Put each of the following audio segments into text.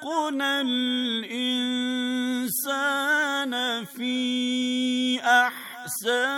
خلقنا الإنسان في أحسن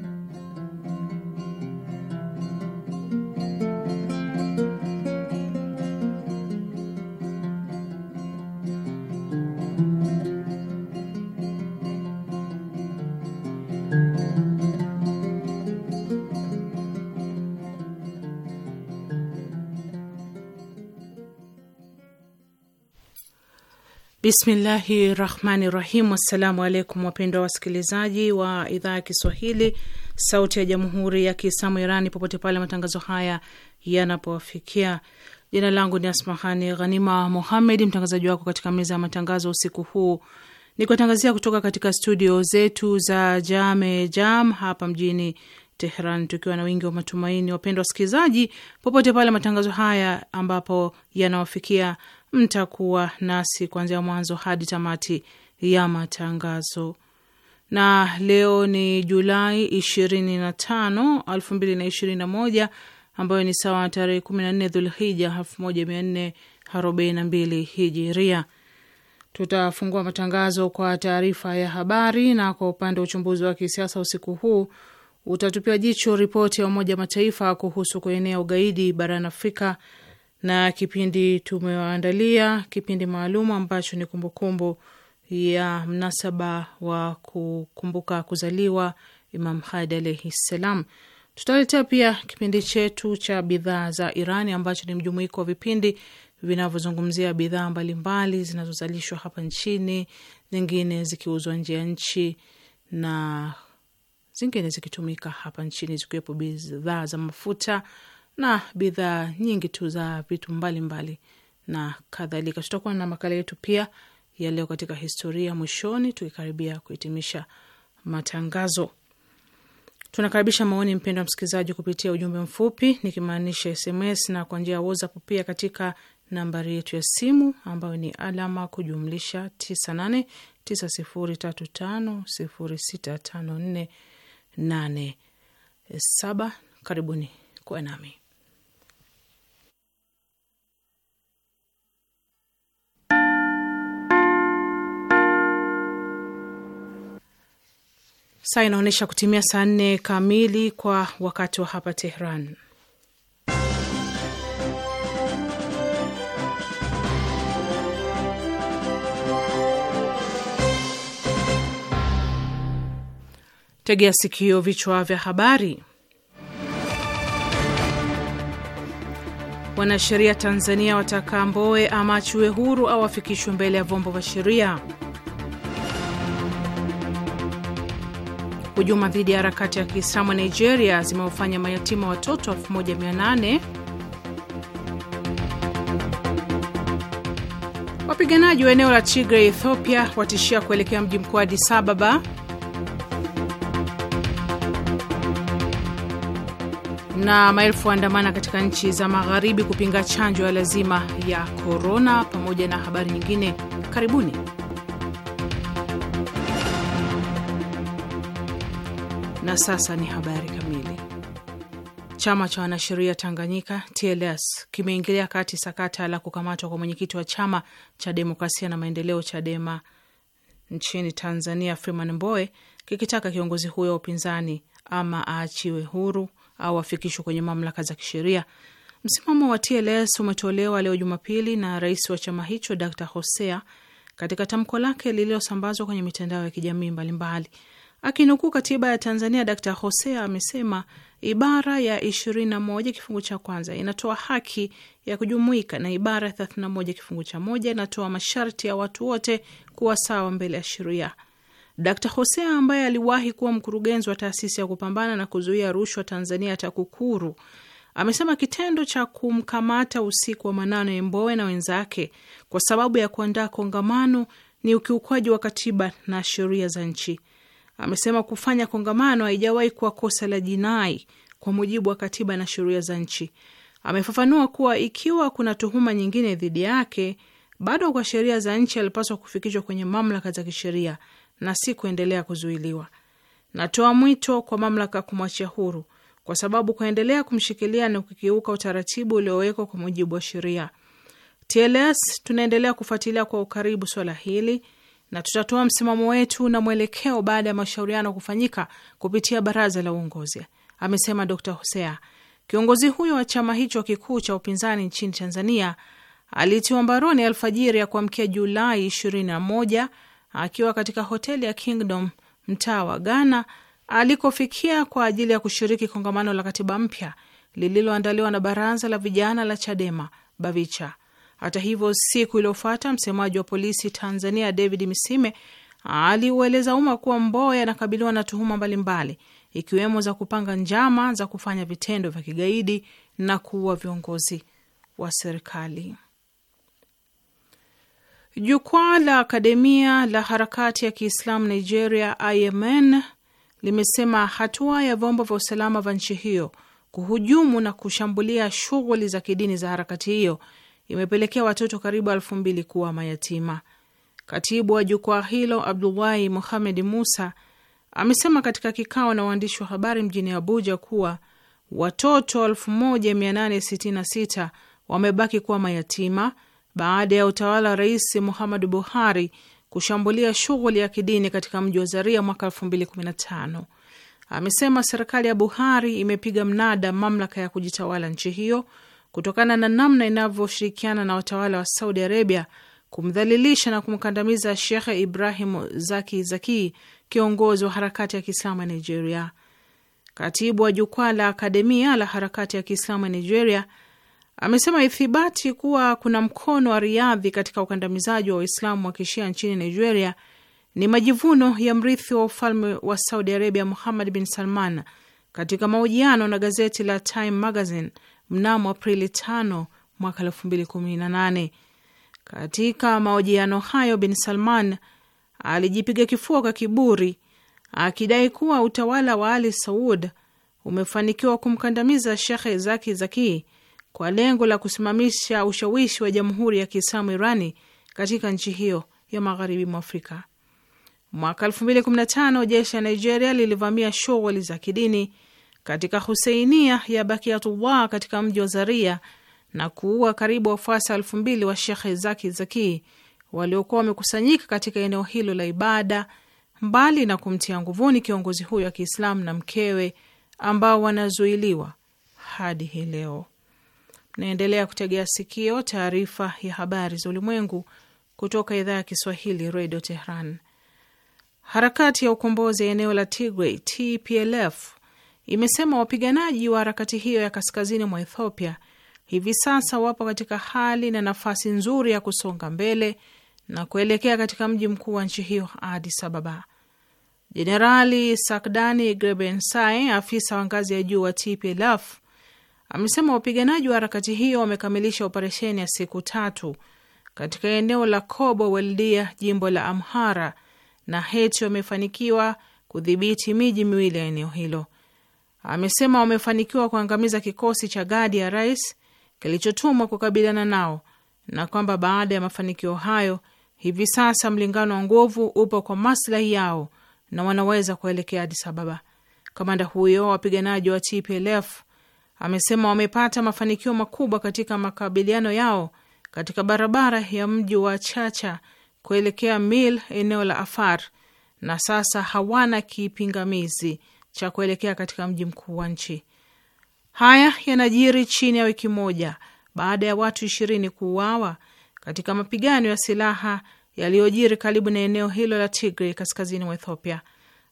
Bismillahi rahmani rahim. Assalamu alaikum wapendwa wasikilizaji wa idhaa ya Kiswahili sauti ya jamhuri ya Kiislamu Irani popote pale matangazo haya yanapowafikia. Jina langu ni Asmahani Ghanima Muhammed, mtangazaji wako katika meza ya matangazo usiku huu, ni kuwatangazia kutoka katika studio zetu za Jame Jam hapa mjini Tehran, tukiwa na wingi wa matumaini, wapendwa wasikilizaji, popote pale matangazo haya ambapo yanawafikia, mtakuwa nasi kuanzia mwanzo hadi tamati ya matangazo. Na leo ni Julai 25, 2021 ambayo ni sawa na tarehe 14 Dhulhija 1442 Hijiria. Tutafungua matangazo kwa taarifa ya habari, na kwa upande wa uchambuzi wa kisiasa usiku huu utatupia jicho ripoti ya Umoja Mataifa kuhusu kuenea ugaidi barani Afrika na kipindi tumewaandalia kipindi maalum ambacho ni kumbukumbu ya mnasaba wa kukumbuka kuzaliwa Imam Hadi alaihi ssalam. Tutaletea pia kipindi chetu cha bidhaa za Irani ambacho ni mjumuiko wa vipindi vinavyozungumzia bidhaa mbalimbali zinazozalishwa hapa nchini, zingine zikiuzwa nje ya nchi na zingine zikitumika hapa nchini zikiwepo bidhaa za mafuta na bidhaa nyingi tu za vitu mbalimbali na kadhalika. Tutakuwa na makala yetu pia ya leo katika historia mwishoni, tukikaribia kuhitimisha matangazo. Tunakaribisha maoni, mpendo wa msikilizaji, kupitia ujumbe mfupi nikimaanisha SMS na kwa njia ya WhatsApp pia katika nambari yetu ya simu ambayo ni alama kujumlisha 9890350654 nane saba. Karibuni kuwe nami. Saa inaonyesha kutimia saa nne kamili kwa wakati wa hapa Tehran. Tegea sikio, vichwa vya habari. Wanasheria Tanzania wataka mboe ama achiwe huru au afikishwe mbele ya vyombo vya sheria. Hujuma dhidi ya harakati ya Kiislamu Nigeria zimewafanya mayatima watoto 1800. Wapiganaji wa eneo la Tigray Ethiopia watishia kuelekea mji mkuu wa Addis Ababa. na maelfu waandamana katika nchi za magharibi kupinga chanjo ya lazima ya korona, pamoja na habari nyingine. Karibuni. Na sasa ni habari kamili. Chama cha wanasheria Tanganyika TLS kimeingilia kati sakata la kukamatwa kwa mwenyekiti wa chama cha demokrasia na maendeleo CHADEMA nchini Tanzania Freeman Mbowe, kikitaka kiongozi huyo wa upinzani ama aachiwe huru au afikishwe kwenye mamlaka za kisheria. Msimamo wa TLS umetolewa leo Jumapili na rais wa chama hicho Dr Hosea katika tamko lake lililosambazwa kwenye mitandao ya kijamii mbalimbali. Akinukuu katiba ya Tanzania, Dr Hosea amesema ibara ya 21 kifungu cha kwanza inatoa haki ya kujumuika na ibara ya 31 kifungu cha moja inatoa masharti ya watu wote kuwa sawa mbele ya sheria. Dkt Hosea ambaye aliwahi kuwa mkurugenzi wa taasisi ya kupambana na kuzuia rushwa Tanzania, TAKUKURU, amesema kitendo cha kumkamata usiku wa manane Mbowe na wenzake kwa sababu ya kuandaa kongamano ni ukiukwaji wa katiba na sheria za nchi. Amesema kufanya kongamano haijawahi kuwa kosa la jinai kwa mujibu wa katiba na sheria za nchi. Amefafanua kuwa ikiwa kuna tuhuma nyingine dhidi yake, bado kwa sheria za nchi alipaswa kufikishwa kwenye mamlaka za kisheria na si kuendelea kuzuiliwa. Natoa mwito kwa mamlaka kumwachia huru, kwa sababu kuendelea kumshikilia na kukiuka utaratibu uliowekwa kwa mujibu wa sheria. TLS tunaendelea kufuatilia kwa ukaribu swala hili na tutatoa msimamo wetu na mwelekeo baada ya mashauriano kufanyika kupitia baraza la uongozi, amesema Dr Hosea. Kiongozi huyo wa chama hicho kikuu cha upinzani nchini Tanzania alitiwa mbaroni alfajiri ya kuamkia Julai 21 akiwa katika hoteli ya Kingdom mtaa wa Ghana alikofikia kwa ajili ya kushiriki kongamano la katiba mpya lililoandaliwa na baraza la vijana la Chadema Bavicha. Hata hivyo, siku iliyofuata msemaji wa polisi Tanzania David Misime aliueleza umma kuwa Mboya anakabiliwa na tuhuma mbalimbali ikiwemo za kupanga njama za kufanya vitendo vya kigaidi na kuua viongozi wa serikali. Jukwaa la akademia la harakati ya Kiislamu Nigeria, IMN, limesema hatua ya vyombo vya usalama vya nchi hiyo kuhujumu na kushambulia shughuli za kidini za harakati hiyo imepelekea watoto karibu elfu mbili kuwa mayatima. Katibu wa jukwaa hilo Abdullahi Muhamed Musa amesema katika kikao na waandishi wa habari mjini Abuja kuwa watoto 1866 wamebaki kuwa mayatima baada ya utawala wa Rais Muhammadu Buhari kushambulia shughuli ya kidini katika mji wa Zaria mwaka 2015. Amesema serikali ya Buhari imepiga mnada mamlaka ya kujitawala nchi hiyo kutokana na namna inavyoshirikiana na watawala wa Saudi Arabia kumdhalilisha na kumkandamiza Shekhe Ibrahim Zaki Zaki, kiongozi wa harakati ya Kiislamu ya Nigeria. Katibu wa jukwaa la akademia la harakati ya Kiislamu ya Nigeria amesema ithibati kuwa kuna mkono wa Riadhi katika ukandamizaji wa Waislamu wa kishia nchini Nigeria ni majivuno ya mrithi wa ufalme wa Saudi Arabia Muhammad bin Salman katika mahojiano na gazeti la Time Magazine mnamo Aprili 5 mwaka 2018. Katika mahojiano hayo, bin Salman alijipiga kifua kwa kiburi akidai kuwa utawala wa Ali Saud umefanikiwa kumkandamiza Shekhe Zaki zakii kwa lengo la kusimamisha ushawishi wa Jamhuri ya Kiislamu Irani katika nchi hiyo ya magharibi mwa Afrika. Mwaka 2015 jeshi la Nigeria lilivamia shughuli za kidini katika Huseinia ya Bakiatullah katika mji wa Zaria na kuua karibu wafuasi elfu mbili wa Shekhe Zaki Zaki waliokuwa wamekusanyika katika eneo hilo la ibada, mbali na kumtia nguvuni kiongozi huyo wa Kiislamu na mkewe ambao wanazuiliwa hadi hii leo. Naendelea kutegea sikio taarifa ya habari za ulimwengu kutoka idhaa ya Kiswahili redio Tehran. Harakati ya ukombozi ya eneo la Tigray TPLF imesema wapiganaji wa harakati hiyo ya kaskazini mwa Ethiopia hivi sasa wapo katika hali na nafasi nzuri ya kusonga mbele na kuelekea katika mji mkuu wa nchi hiyo Addis Ababa. Jenerali Sakdani Grebensai, afisa wa ngazi ya juu wa TPLF, amesema wapiganaji wa harakati hiyo wamekamilisha operesheni ya siku tatu katika eneo la Kobo Weldia, jimbo la Amhara, na heti wamefanikiwa kudhibiti miji miwili ya eneo hilo. Amesema wamefanikiwa kuangamiza kikosi cha gadi ya rais kilichotumwa kukabiliana nao na kwamba baada ya mafanikio hayo, hivi sasa mlingano wa nguvu upo kwa maslahi yao na wanaweza kuelekea Addis Ababa. Kamanda huyo wapiganaji wa TPLF amesema wamepata mafanikio makubwa katika makabiliano yao katika barabara ya mji wa Chacha kuelekea Mil, eneo la Afar, na sasa hawana kipingamizi cha kuelekea katika mji mkuu wa nchi. Haya yanajiri chini ya wiki moja baada ya watu ishirini kuuawa katika mapigano ya silaha yaliyojiri karibu na eneo hilo la Tigri kaskazini mwa Ethiopia.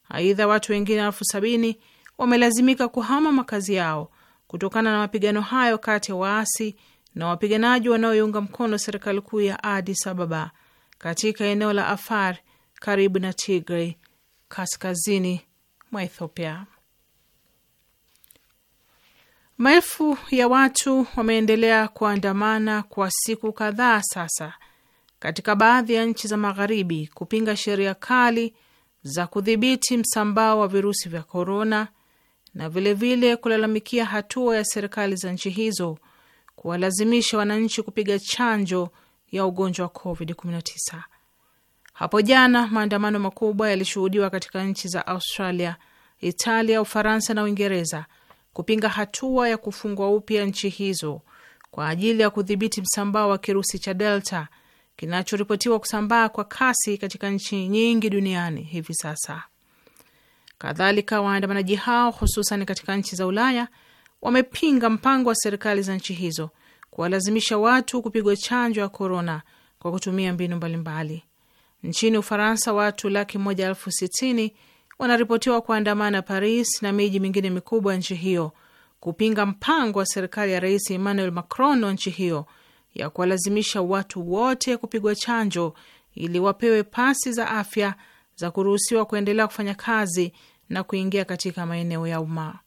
Aidha, watu wengine elfu sabini wamelazimika kuhama makazi yao kutokana na mapigano hayo kati ya waasi na wapiganaji wanaoiunga mkono serikali kuu ya Adis Ababa katika eneo la Afar karibu na Tigray kaskazini mwa Ethiopia. Maelfu ya watu wameendelea kuandamana kwa, kwa siku kadhaa sasa katika baadhi ya nchi za magharibi kupinga sheria kali za kudhibiti msambao wa virusi vya korona na vilevile vile kulalamikia hatua ya serikali za nchi hizo kuwalazimisha wananchi kupiga chanjo ya ugonjwa wa COVID-19. Hapo jana maandamano makubwa yalishuhudiwa katika nchi za Australia, Italia, Ufaransa na Uingereza kupinga hatua ya kufungwa upya nchi hizo kwa ajili ya kudhibiti msambao wa kirusi cha Delta kinachoripotiwa kusambaa kwa kasi katika nchi nyingi duniani hivi sasa. Kadhalika, waandamanaji hao hususan katika nchi za Ulaya wamepinga mpango wa serikali za nchi hizo kuwalazimisha watu kupigwa chanjo ya korona kwa kutumia mbinu mbalimbali. Nchini Ufaransa, watu laki moja elfu sitini wanaripotiwa kuandamana Paris na miji mingine mikubwa ya nchi hiyo kupinga mpango wa serikali ya Rais Emmanuel Macron wa nchi hiyo ya kuwalazimisha watu wote kupigwa chanjo ili wapewe pasi za afya za kuruhusiwa kuendelea kufanya kazi na kuingia katika maeneo ya umma.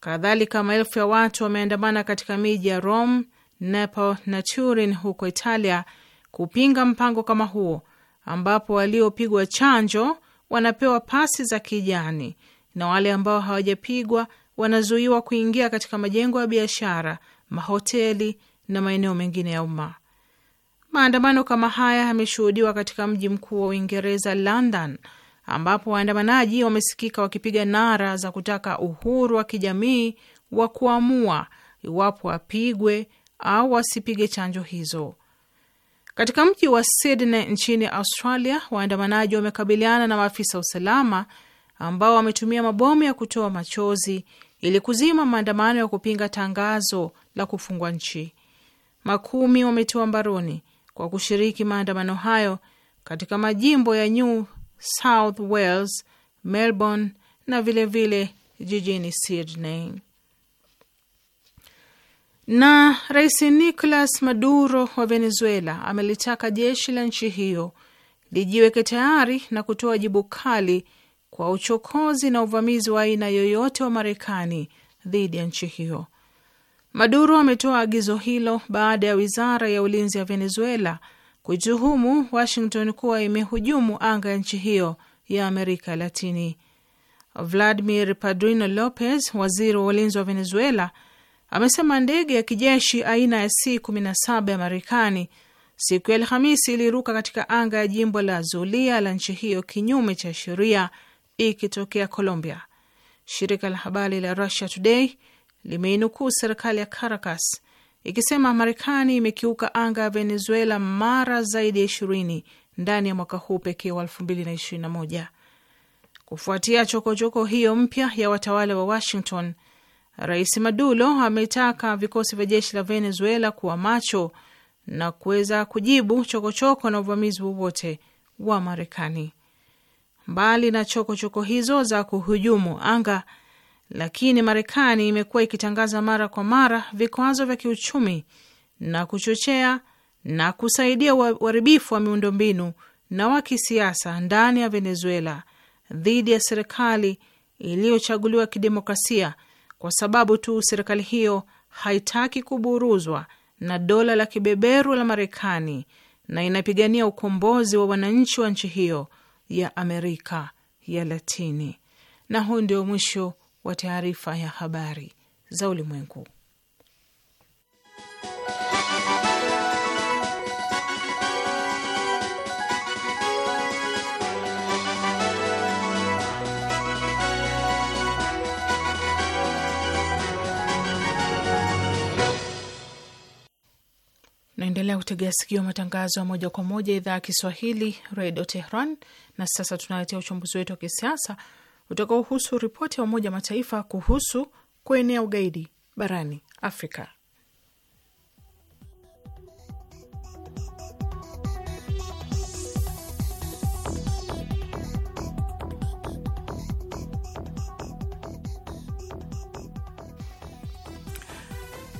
Kadhalika, maelfu ya watu wameandamana katika miji ya Rome, Naples na Turin huko Italia kupinga mpango kama huo, ambapo waliopigwa chanjo wanapewa pasi za kijani na wale ambao hawajapigwa wanazuiwa kuingia katika majengo ya biashara, mahoteli na maeneo mengine ya umma. Maandamano kama haya yameshuhudiwa katika mji mkuu wa Uingereza, London, ambapo waandamanaji wamesikika wakipiga nara za kutaka uhuru wa kijamii wa kuamua iwapo wapigwe au wasipige chanjo hizo. Katika mji wa Sydney nchini Australia, waandamanaji wamekabiliana na maafisa usalama ambao wametumia mabomu ya kutoa machozi ili kuzima maandamano ya kupinga tangazo la kufungwa nchi. Makumi wametiwa mbaroni kwa kushiriki maandamano hayo katika majimbo ya New South Wales, Melbourne na vilevile vile jijini Sydney. Na Rais Nicolas Maduro wa Venezuela amelitaka jeshi la nchi hiyo lijiweke tayari na kutoa jibu kali kwa uchokozi na uvamizi wa aina yoyote wa Marekani dhidi ya nchi hiyo. Maduro ametoa agizo hilo baada ya wizara ya ulinzi ya Venezuela kuituhumu Washington kuwa imehujumu anga ya nchi hiyo ya Amerika Latini. Vladimir Padrino Lopez, waziri wa ulinzi wa Venezuela, amesema ndege ya kijeshi aina ya C-17 ya Marekani siku ya Alhamisi iliruka katika anga ya jimbo la Zulia la nchi hiyo kinyume cha sheria ikitokea Colombia. Shirika la habari la Russia Today limeinukuu serikali ya Caracas ikisema Marekani imekiuka anga ya Venezuela mara zaidi ya ishirini ndani ya mwaka huu pekee wa elfu mbili na ishirini na moja. Kufuatia chokochoko hiyo mpya ya watawala wa Washington, Rais Maduro ametaka vikosi vya jeshi la Venezuela kuwa macho na kuweza kujibu chokochoko -choko na uvamizi wowote wa Marekani. Mbali na chokochoko -choko hizo za kuhujumu anga lakini Marekani imekuwa ikitangaza mara kwa mara vikwazo vya kiuchumi na kuchochea na kusaidia uharibifu wa miundombinu na wa kisiasa ndani ya Venezuela dhidi ya serikali iliyochaguliwa kidemokrasia kwa sababu tu serikali hiyo haitaki kuburuzwa na dola la kibeberu la Marekani na inapigania ukombozi wa wananchi wa nchi hiyo ya Amerika ya Latini. Na huu ndio mwisho wa taarifa ya habari za ulimwengu. Naendelea kutegea sikio matangazo ya moja kwa moja idhaa ya Kiswahili redio Tehran. Na sasa tunaletea uchambuzi wetu wa kisiasa utakaohusu ripoti ya Umoja Mataifa kuhusu kuenea ugaidi barani Afrika.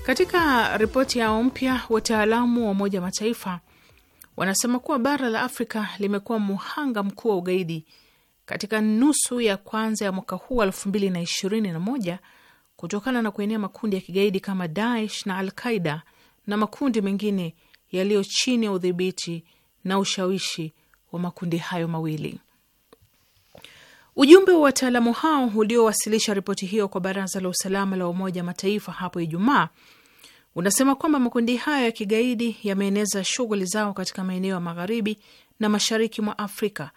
Katika ripoti yao mpya, wataalamu wa Umoja Mataifa wanasema kuwa bara la Afrika limekuwa muhanga mkuu wa ugaidi katika nusu ya kwanza ya mwaka huu elfu mbili na ishirini na moja kutokana na kuenea makundi ya kigaidi kama Daesh na Alqaida na makundi mengine yaliyo chini ya udhibiti na ushawishi wa makundi hayo mawili. Ujumbe wa wataalamu hao uliowasilisha ripoti hiyo kwa Baraza la Usalama la Umoja Mataifa hapo Ijumaa unasema kwamba makundi hayo ya kigaidi yameeneza shughuli zao katika maeneo ya magharibi na mashariki mwa Afrika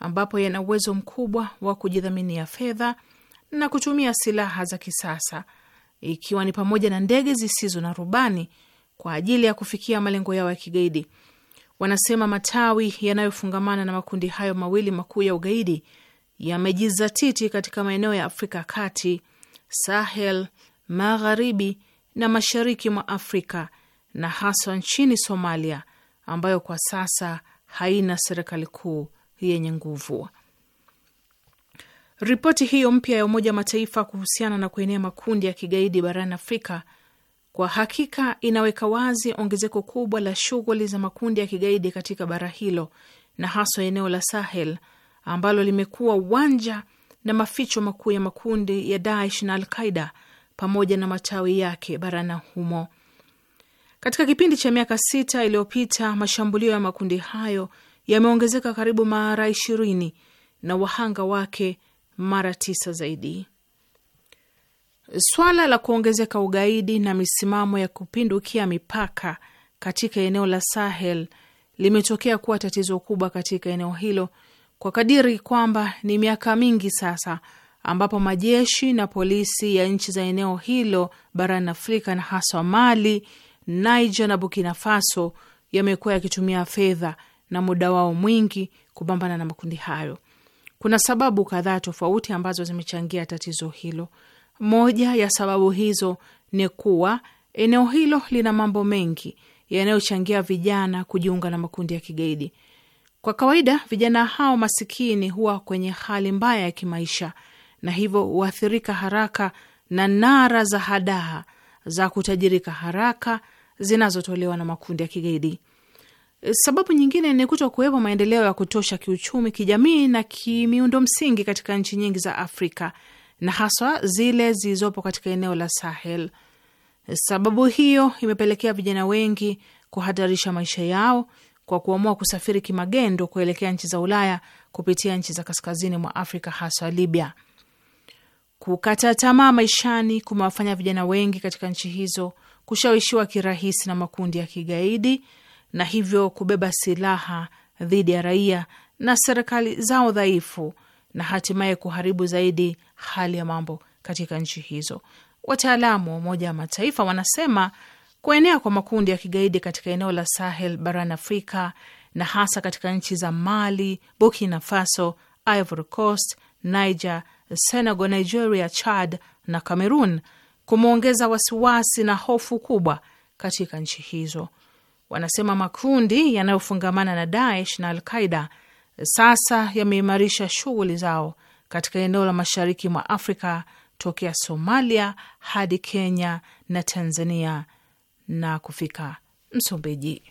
ambapo yana uwezo mkubwa wa kujidhaminia fedha na kutumia silaha za kisasa ikiwa ni pamoja na ndege zisizo na rubani kwa ajili ya kufikia malengo yao ya kigaidi. Wanasema matawi yanayofungamana na makundi hayo mawili makuu ya ugaidi yamejizatiti katika maeneo ya Afrika Kati, Sahel, Magharibi na Mashariki mwa Afrika na haswa nchini Somalia ambayo kwa sasa haina serikali kuu yenye nguvu. Ripoti hiyo mpya ya Umoja wa Mataifa kuhusiana na kuenea makundi ya kigaidi barani Afrika kwa hakika inaweka wazi ongezeko kubwa la shughuli za makundi ya kigaidi katika bara hilo na haswa eneo la Sahel ambalo limekuwa uwanja na maficho makuu ya makundi ya Daesh na Alqaida pamoja na matawi yake barani humo. Katika kipindi cha miaka sita iliyopita, mashambulio ya makundi hayo yameongezeka karibu mara ishirini na wahanga wake mara tisa zaidi. Swala la kuongezeka ugaidi na misimamo ya kupindukia mipaka katika eneo la Sahel limetokea kuwa tatizo kubwa katika eneo hilo kwa kadiri kwamba ni miaka mingi sasa ambapo majeshi na polisi ya nchi za eneo hilo barani Afrika na haswa Mali, Niger na Burkina Faso yamekuwa yakitumia fedha na muda wao mwingi kupambana na makundi hayo. Kuna sababu kadhaa tofauti ambazo zimechangia tatizo hilo. Moja ya sababu hizo ni kuwa eneo hilo lina mambo mengi yanayochangia vijana kujiunga na makundi ya kigaidi. Kwa kawaida, vijana hao masikini huwa kwenye hali mbaya ya kimaisha na hivyo huathirika haraka na nara za hadaha za kutajirika haraka zinazotolewa na makundi ya kigaidi. Eh, sababu nyingine ni kuto kuwepo maendeleo ya kutosha kiuchumi, kijamii na kimiundo msingi katika nchi nyingi za Afrika na haswa zile zilizopo katika eneo la Sahel. Eh, sababu hiyo imepelekea vijana wengi kuhatarisha maisha yao kwa kuamua kusafiri kimagendo kuelekea nchi za Ulaya kupitia nchi za kaskazini mwa Afrika, haswa Libya. Kukata tamaa maishani kumewafanya vijana wengi katika nchi hizo kushawishiwa kirahisi na makundi ya kigaidi na hivyo kubeba silaha dhidi ya raia na serikali zao dhaifu na hatimaye kuharibu zaidi hali ya mambo katika nchi hizo. Wataalamu wa Umoja wa Mataifa wanasema kuenea kwa makundi ya kigaidi katika eneo la Sahel barani Afrika na hasa katika nchi za Mali, Burkina Faso, Ivory Coast, Niger, Senegal, Nigeria, Chad na Cameroon kumeongeza wasiwasi na hofu kubwa katika nchi hizo wanasema makundi yanayofungamana na Daesh na al qaida sasa yameimarisha shughuli zao katika eneo la mashariki mwa Afrika tokea Somalia hadi Kenya na Tanzania na kufika Msumbiji.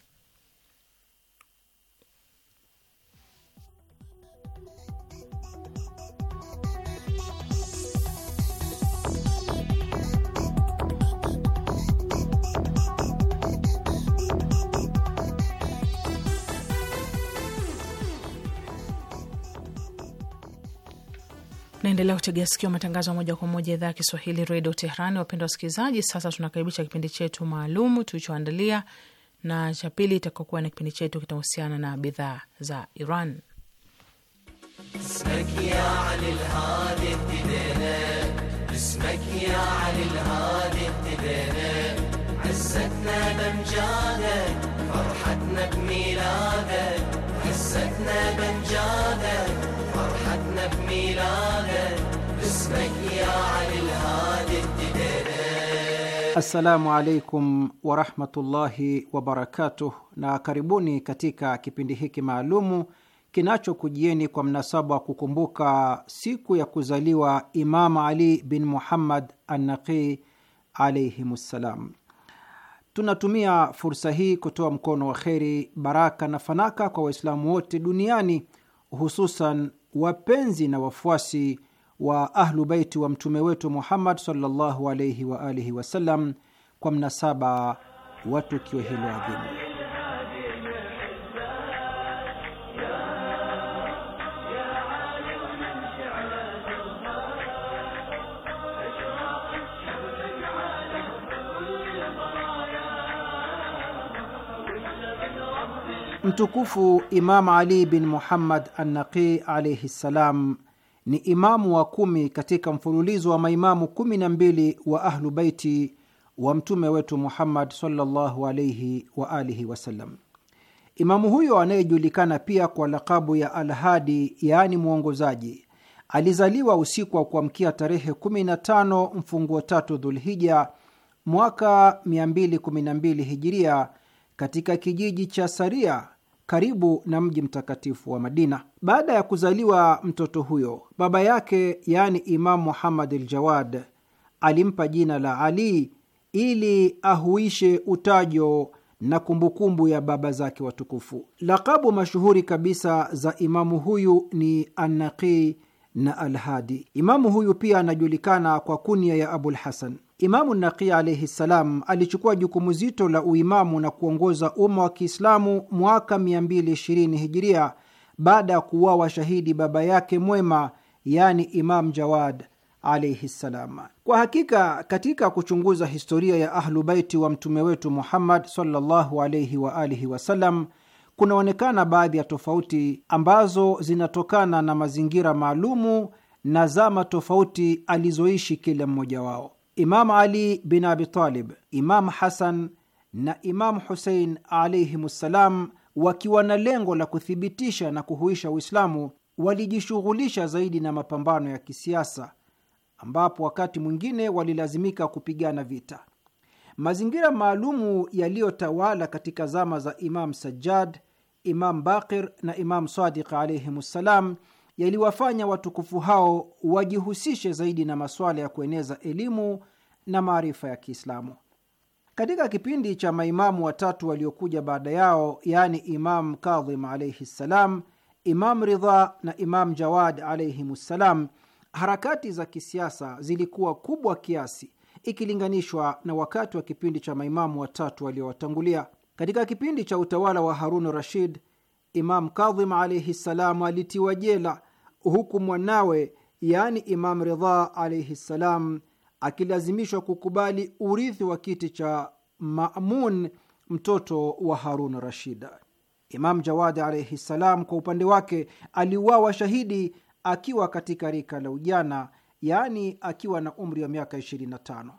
Naendelea kutegea sikio matangazo moja kwa moja idhaa ya Kiswahili redio Teherani. Wapendwa wasikilizaji, sasa tunakaribisha kipindi chetu maalum tulichoandalia, na cha pili itakokuwa na kipindi chetu kitahusiana na bidhaa za Iran. Assalamu alaikum warahmatullahi wabarakatuh, na karibuni katika kipindi hiki maalumu kinachokujieni kwa mnasaba wa kukumbuka siku ya kuzaliwa Imam Ali bin Muhammad Annaqi alaihimussalam. Tunatumia fursa hii kutoa mkono wa kheri, baraka na fanaka kwa Waislamu wote duniani, hususan wapenzi na wafuasi wa Ahlu Baiti wa mtume wetu Muhammad sallallahu alaihi wasallam kwa mnasaba wa tukio hilo adhimu. Mtukufu Imam Ali bin Muhammad Annaqi alaihi ssalam ni imamu wa kumi katika mfululizo wa maimamu kumi na mbili wa Ahlu Baiti wa mtume wetu Muhammad sallallahu alaihi wa alihi wasallam. Imamu huyo anayejulikana pia kwa lakabu ya Alhadi, yaani mwongozaji, alizaliwa usiku wa kuamkia tarehe 15 mfunguo tatu Dhulhija mwaka 212 hijiria katika kijiji cha Saria karibu na mji mtakatifu wa Madina. Baada ya kuzaliwa mtoto huyo, baba yake yaani Imamu Muhammad al-Jawad alimpa jina la Ali ili ahuishe utajo na kumbukumbu ya baba zake watukufu. Lakabu mashuhuri kabisa za imamu huyu ni Annaqi na Alhadi. Imamu huyu pia anajulikana kwa kunia ya Abul Hasan. Imamu Naqi alaihi ssalam alichukua jukumu zito la uimamu na kuongoza umma wa Kiislamu mwaka 220 hijiria baada ya kuuawa shahidi baba yake mwema, yani Imam Jawad alaihi ssalam. Kwa hakika katika kuchunguza historia ya Ahlubaiti wa mtume wetu Muhammad sallallahu alaihi waalihi wasalam kunaonekana baadhi ya tofauti ambazo zinatokana na mazingira maalumu na zama tofauti alizoishi kila mmoja wao. Imamu Ali bin Abi Talib, Imamu Hasan na Imamu Husein alaihimussalam, wakiwa na lengo la kuthibitisha na kuhuisha Uislamu, walijishughulisha zaidi na mapambano ya kisiasa, ambapo wakati mwingine walilazimika kupigana vita. Mazingira maalumu yaliyotawala katika zama za Imamu Sajjad Imam Bakir na Imam Sadiq alaihim ssalam yaliwafanya watukufu hao wajihusishe zaidi na masuala ya kueneza elimu na maarifa ya Kiislamu. Katika kipindi cha maimamu watatu waliokuja baada yao, yaani Imam Kadhim alaihi ssalam, Imam Ridha na Imam Jawad alayhim ssalam, harakati za kisiasa zilikuwa kubwa kiasi ikilinganishwa na wakati wa kipindi cha maimamu watatu waliowatangulia. Katika kipindi cha utawala wa Harun Rashid, Imam Kadhim alaihi ssalam alitiwa jela, huku mwanawe yaani Imam Ridha alaihi ssalam akilazimishwa kukubali urithi wa kiti cha Mamun, mtoto wa Harun Rashid. Imam Jawadi alaihi ssalam kwa upande wake aliuawa shahidi akiwa katika rika la ujana, yaani akiwa na umri wa miaka 25.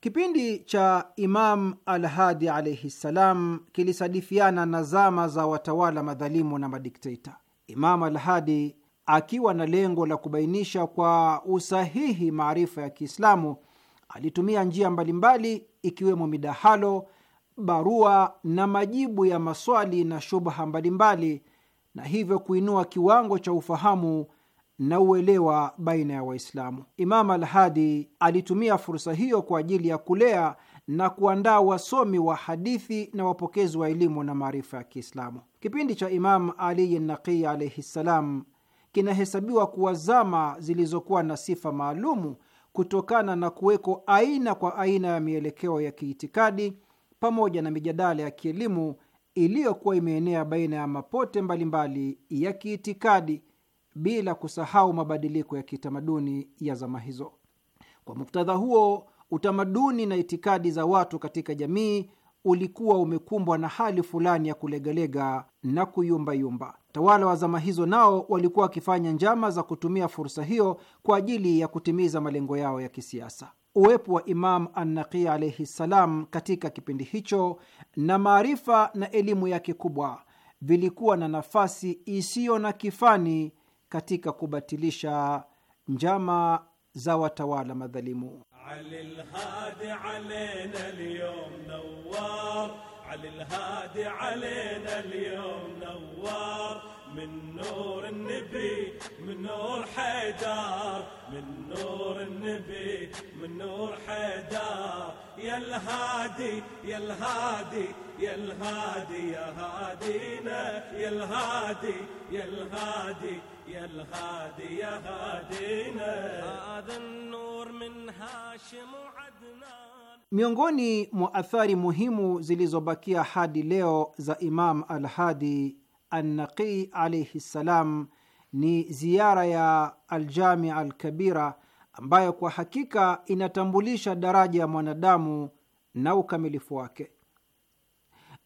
Kipindi cha Imam Alhadi alaihi ssalam kilisadifiana na zama za watawala madhalimu na madikteta. Imam Alhadi akiwa na lengo la kubainisha kwa usahihi maarifa ya Kiislamu alitumia njia mbalimbali ikiwemo midahalo, barua na majibu ya maswali na shubha mbalimbali, na hivyo kuinua kiwango cha ufahamu na uelewa baina ya Waislamu. Imam Alhadi alitumia fursa hiyo kwa ajili ya kulea na kuandaa wasomi wa hadithi na wapokezi wa elimu na maarifa ya Kiislamu. Kipindi cha Imam Ali Naqi alaihi ssalam kinahesabiwa kuwa zama zilizokuwa na sifa maalumu kutokana na kuweko aina kwa aina ya mielekeo ya kiitikadi pamoja na mijadala ya kielimu iliyokuwa imeenea baina ya mapote mbalimbali mbali ya kiitikadi bila kusahau mabadiliko ya kitamaduni ya zama hizo. Kwa muktadha huo, utamaduni na itikadi za watu katika jamii ulikuwa umekumbwa na hali fulani ya kulegalega na kuyumbayumba. Tawala wa zama hizo nao walikuwa wakifanya njama za kutumia fursa hiyo kwa ajili ya kutimiza malengo yao ya kisiasa. Uwepo wa Imam Annaqi alaihi ssalam katika kipindi hicho na maarifa na elimu yake kubwa vilikuwa na nafasi isiyo na kifani katika kubatilisha njama za watawala madhalimu. يا الهادي يا هادينا هذا النور من هاشم وعدنان Miongoni mwa athari muhimu zilizobakia hadi leo za Imam Al-Hadi An-Naqi alayhi ssalam ni ziara ya al alkabira Al-Kabira ambayo kwa hakika inatambulisha daraja ya mwanadamu na ukamilifu wake.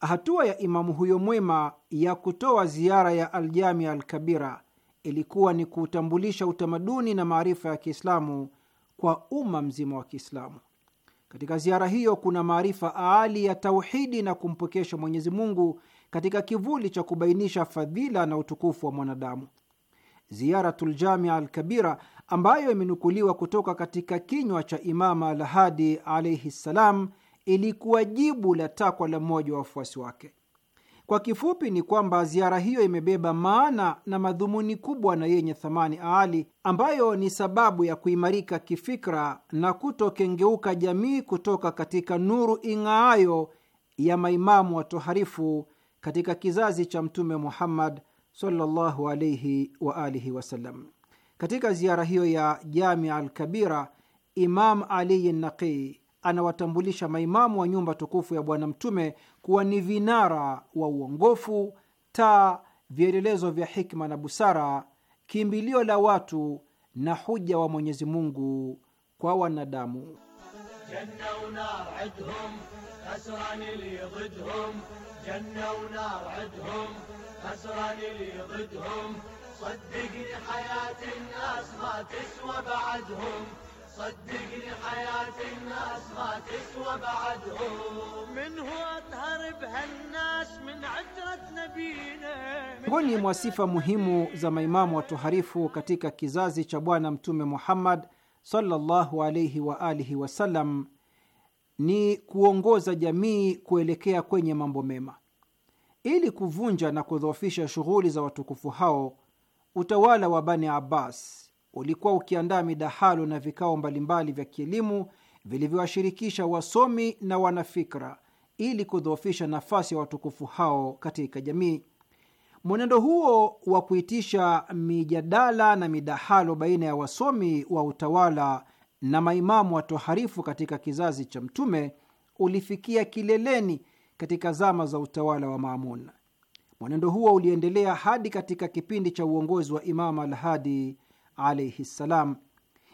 Hatua ya imamu huyo mwema ya kutoa ziara ya Aljamia Alkabira ilikuwa ni kuutambulisha utamaduni na maarifa ya Kiislamu kwa umma mzima wa Kiislamu. Katika ziara hiyo kuna maarifa aali ya tauhidi na kumpokesha Mwenyezi Mungu katika kivuli cha kubainisha fadhila na utukufu wa mwanadamu. ziaratul Jamia Alkabira ambayo imenukuliwa kutoka katika kinywa cha Imama Alhadi alaihi ssalam, ilikuwa jibu la takwa la mmoja wa wafuasi wake. Kwa kifupi ni kwamba ziara hiyo imebeba maana na madhumuni kubwa na yenye thamani aali, ambayo ni sababu ya kuimarika kifikra na kutokengeuka jamii kutoka katika nuru ing'aayo ya maimamu watoharifu katika kizazi cha Mtume Muhammad sallallahu alaihi wa alihi wasallam. Katika ziara hiyo ya Jamia Alkabira, Imam Ali naqii anawatambulisha maimamu wa nyumba tukufu ya Bwana Mtume kuwa ni vinara wa uongofu, taa, vielelezo vya hikma na busara, kimbilio la watu na huja wa Mwenyezi Mungu kwa wanadamu. صدقني حياة الناس ما تسوى بعدهم من هو أطهر بهالناس من عترة نبينا Miongoni mwa sifa muhimu za maimamu watoharifu katika kizazi cha Bwana Mtume Muhammad sallallahu alayhi wa alihi wasallam ni kuongoza jamii kuelekea kwenye mambo mema. Ili kuvunja na kudhoofisha shughuli za watukufu hao, utawala wa Bani Abbas ulikuwa ukiandaa midahalo na vikao mbalimbali vya kielimu vilivyowashirikisha wasomi na wanafikra ili kudhoofisha nafasi ya watukufu hao katika jamii. Mwenendo huo wa kuitisha mijadala na midahalo baina ya wasomi wa utawala na maimamu watoharifu katika kizazi cha Mtume ulifikia kileleni katika zama za utawala wa Maamuna. Mwenendo huo uliendelea hadi katika kipindi cha uongozi wa Imamu Alhadi alaihi ssalam.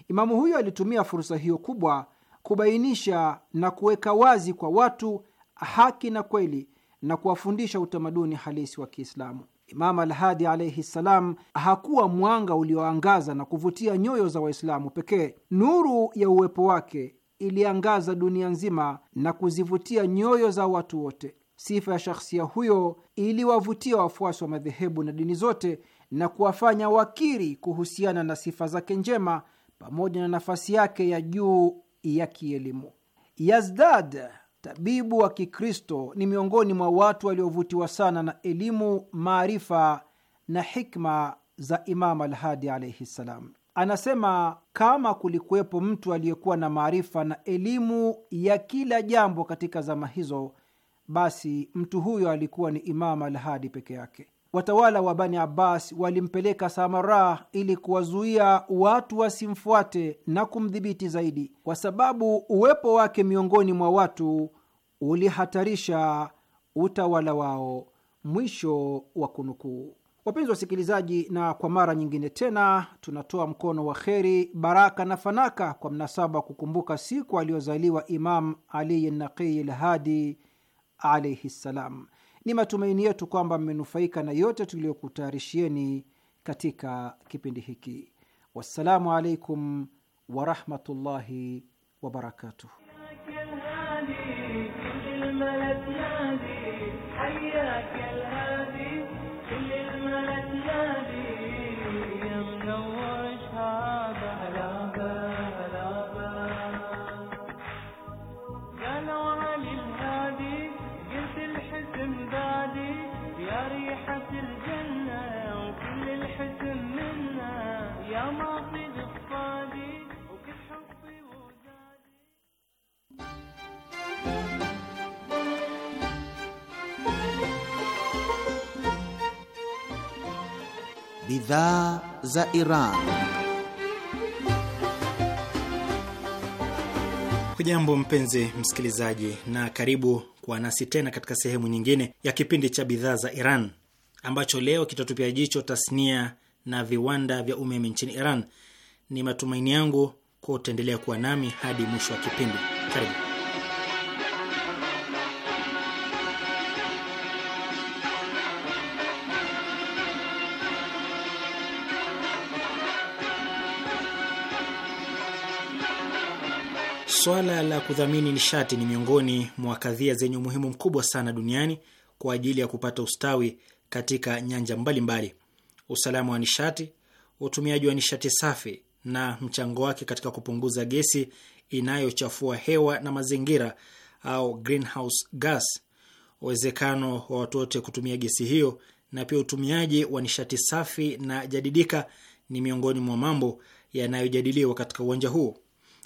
Imamu huyo alitumia fursa hiyo kubwa kubainisha na kuweka wazi kwa watu haki na kweli na kuwafundisha utamaduni halisi wa Kiislamu. Imamu Alhadi alaihi ssalam hakuwa mwanga ulioangaza na kuvutia nyoyo za Waislamu pekee. Nuru ya uwepo wake iliangaza dunia nzima na kuzivutia nyoyo za watu wote. Sifa ya shakhsia huyo iliwavutia wafuasi wa madhehebu na dini zote na kuwafanya wakiri kuhusiana na sifa zake njema pamoja na nafasi yake ya juu ya kielimu. Yazdad, tabibu wa Kikristo, ni miongoni mwa watu waliovutiwa sana na elimu, maarifa na hikma za Imam Alhadi alaihi ssalam. Anasema, kama kulikuwepo mtu aliyekuwa na maarifa na elimu ya kila jambo katika zama hizo, basi mtu huyo alikuwa ni Imam Alhadi peke yake watawala wa Bani Abbas walimpeleka samara ili kuwazuia watu wasimfuate na kumdhibiti zaidi, kwa sababu uwepo wake miongoni mwa watu ulihatarisha utawala wao. Mwisho wa kunukuu. Wapenzi wasikilizaji, na kwa mara nyingine tena tunatoa mkono wa kheri, baraka na fanaka kwa mnasaba wa kukumbuka siku aliyozaliwa Imam Ali Naqiyi Lhadi alaihi ssalam. Ni matumaini yetu kwamba mmenufaika na yote tuliyokutayarishieni katika kipindi hiki. Wassalamu alaikum warahmatullahi wabarakatuh. bidhaa za Iran. Hujambo mpenzi msikilizaji, na karibu kuwa nasi tena katika sehemu nyingine ya kipindi cha bidhaa za Iran ambacho leo kitatupia jicho tasnia na viwanda vya umeme nchini Iran. Ni matumaini yangu kwa utaendelea kuwa nami hadi mwisho wa kipindi. Karibu. Swala la kudhamini nishati ni miongoni mwa kadhia zenye umuhimu mkubwa sana duniani kwa ajili ya kupata ustawi katika nyanja mbalimbali. Usalama wa nishati, utumiaji wa nishati safi na mchango wake katika kupunguza gesi inayochafua hewa na mazingira au greenhouse gas, uwezekano wa watu wote kutumia gesi hiyo, na pia utumiaji wa nishati safi na jadidika ni miongoni mwa mambo yanayojadiliwa katika uwanja huo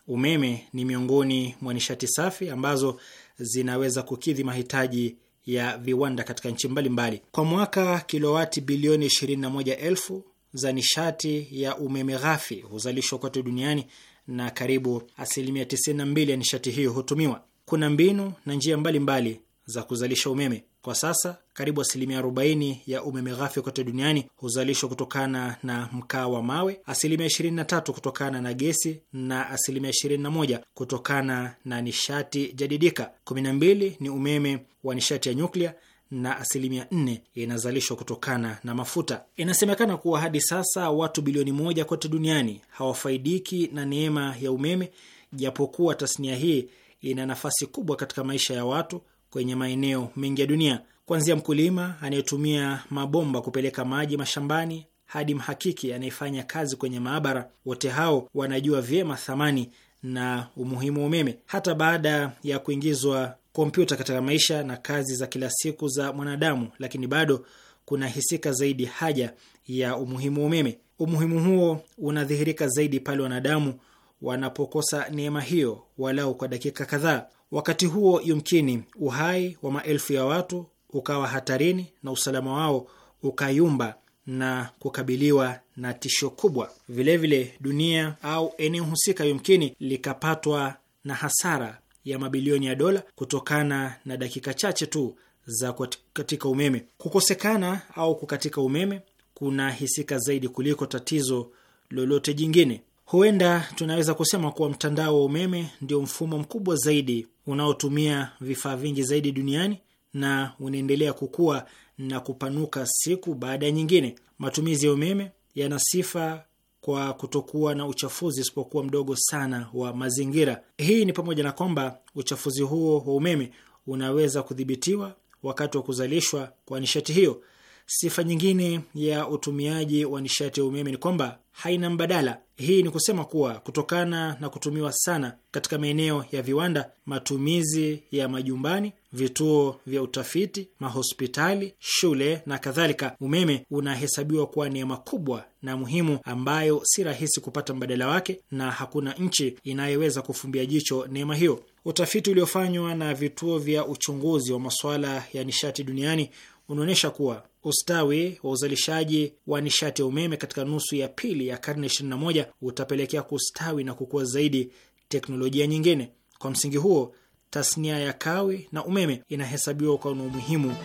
umeme ni miongoni mwa nishati safi ambazo zinaweza kukidhi mahitaji ya viwanda katika nchi mbalimbali. Kwa mwaka kilowati bilioni 21 elfu za nishati ya umeme ghafi huzalishwa kote duniani na karibu asilimia 92 ya nishati hiyo hutumiwa. Kuna mbinu na njia mbalimbali mbali za kuzalisha umeme. Kwa sasa karibu asilimia 40 ya umeme ghafi kote duniani huzalishwa kutokana na mkaa wa mawe, asilimia 23 kutokana na gesi na asilimia 21 kutokana na nishati jadidika. 12 ni umeme wa nishati ya nyuklia na asilimia 4 inazalishwa kutokana na mafuta. Inasemekana kuwa hadi sasa watu bilioni moja kote duniani hawafaidiki na neema ya umeme, japokuwa tasnia hii ina nafasi kubwa katika maisha ya watu kwenye maeneo mengi ya dunia kuanzia mkulima anayetumia mabomba kupeleka maji mashambani hadi mhakiki anayefanya kazi kwenye maabara, wote hao wanajua vyema thamani na umuhimu wa umeme. Hata baada ya kuingizwa kompyuta katika maisha na kazi za kila siku za mwanadamu, lakini bado kuna hisika zaidi haja ya umuhimu wa umeme. Umuhimu huo unadhihirika zaidi pale wanadamu wanapokosa neema hiyo walau kwa dakika kadhaa. Wakati huo, yumkini uhai wa maelfu ya watu ukawa hatarini na usalama wao ukayumba na kukabiliwa na tisho kubwa. Vilevile vile dunia au eneo husika yumkini likapatwa na hasara ya mabilioni ya dola kutokana na dakika chache tu za kukatika umeme. Kukosekana au kukatika umeme kuna hisika zaidi kuliko tatizo lolote jingine. Huenda tunaweza kusema kuwa mtandao wa umeme ndio mfumo mkubwa zaidi unaotumia vifaa vingi zaidi duniani na unaendelea kukua na kupanuka siku baada ya nyingine. Matumizi ya umeme yana sifa kwa kutokuwa na uchafuzi isipokuwa mdogo sana wa mazingira. Hii ni pamoja na kwamba uchafuzi huo wa umeme unaweza kudhibitiwa wakati wa kuzalishwa kwa nishati hiyo. Sifa nyingine ya utumiaji wa nishati ya umeme ni kwamba haina mbadala. Hii ni kusema kuwa kutokana na kutumiwa sana katika maeneo ya viwanda, matumizi ya majumbani, vituo vya utafiti, mahospitali, shule na kadhalika, umeme unahesabiwa kuwa neema kubwa na muhimu ambayo si rahisi kupata mbadala wake, na hakuna nchi inayoweza kufumbia jicho neema hiyo. Utafiti uliofanywa na vituo vya uchunguzi wa masuala ya nishati duniani unaonyesha kuwa ustawi wa uzalishaji wa nishati ya umeme katika nusu ya pili ya karne 21 utapelekea kustawi na kukua zaidi teknolojia nyingine. Kwa msingi huo, tasnia ya kawi na umeme inahesabiwa kuwa na umuhimu